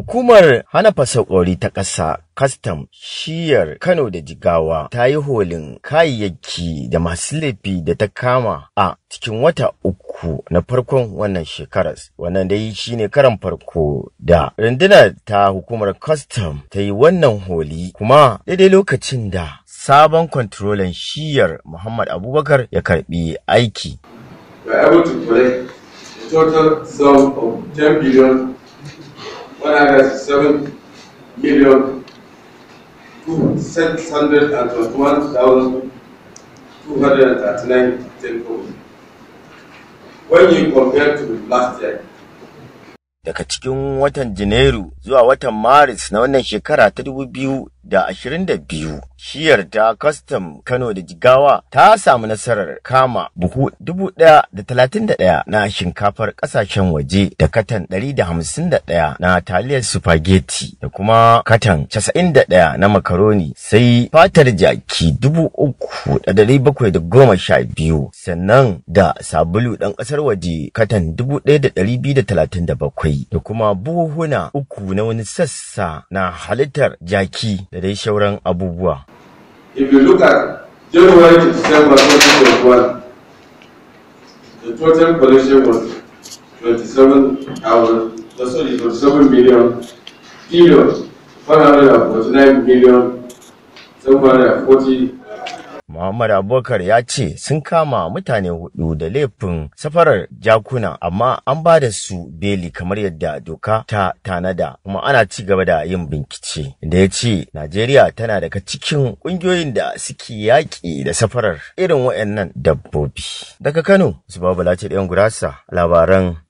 Hukumar hana Fasakori ta ƙasa kastam shiyar Kano da Jigawa ta yi holin kayayyaki da masu laifi da ta kama a cikin wata uku na farkon wannan shekarar. Wannan dai shi ne karan farko da rundunar ta hukumar kastam ta yi wannan holi kuma daidai lokacin da sabon kwantarolin shiyar Muhammad Abubakar ya karbi aiki. total sum of 10 billion IRS 7 million 621,239 takeover when you compare to last year. Daga cikin watan Janairu zuwa watan Maris na wannan shekara ta dubu biyu da ashirin da biyu shiyar ta kwastam kano da jigawa ta samu nasarar kama buhu dubu ɗaya da talatin da ɗaya na shinkafar ƙasashen waje da katan ɗari da hamsin da ɗaya na taliyar supageti da kuma katan casa'in da ɗaya na makaroni sai fatar jaki dubu uku da dari bakwai da goma sha biyu sannan da sabulu ɗan ƙasar waje katan dubu ɗaya da ɗari biyu da talatin da bakwai da kuma buhuhuna uku na wani sassa na halittar jaki da da dai shauran abubuwa. If you look at January to December 2021, the total collection was 27,000, sorry, 27 million, billion, 149 million, 740 Muhammad Abubakar ya ce sun kama mutane hudu da laifin safarar jakuna amma an ba da su beli kamar yadda doka ta tanada kuma ana ci gaba da yin bincike da ya ce Najeriya tana daga cikin ƙungiyoyin da suke yaƙi da safarar irin waɗannan dabbobi. Daga Kano, su babu lace ɗayan gurasa labaran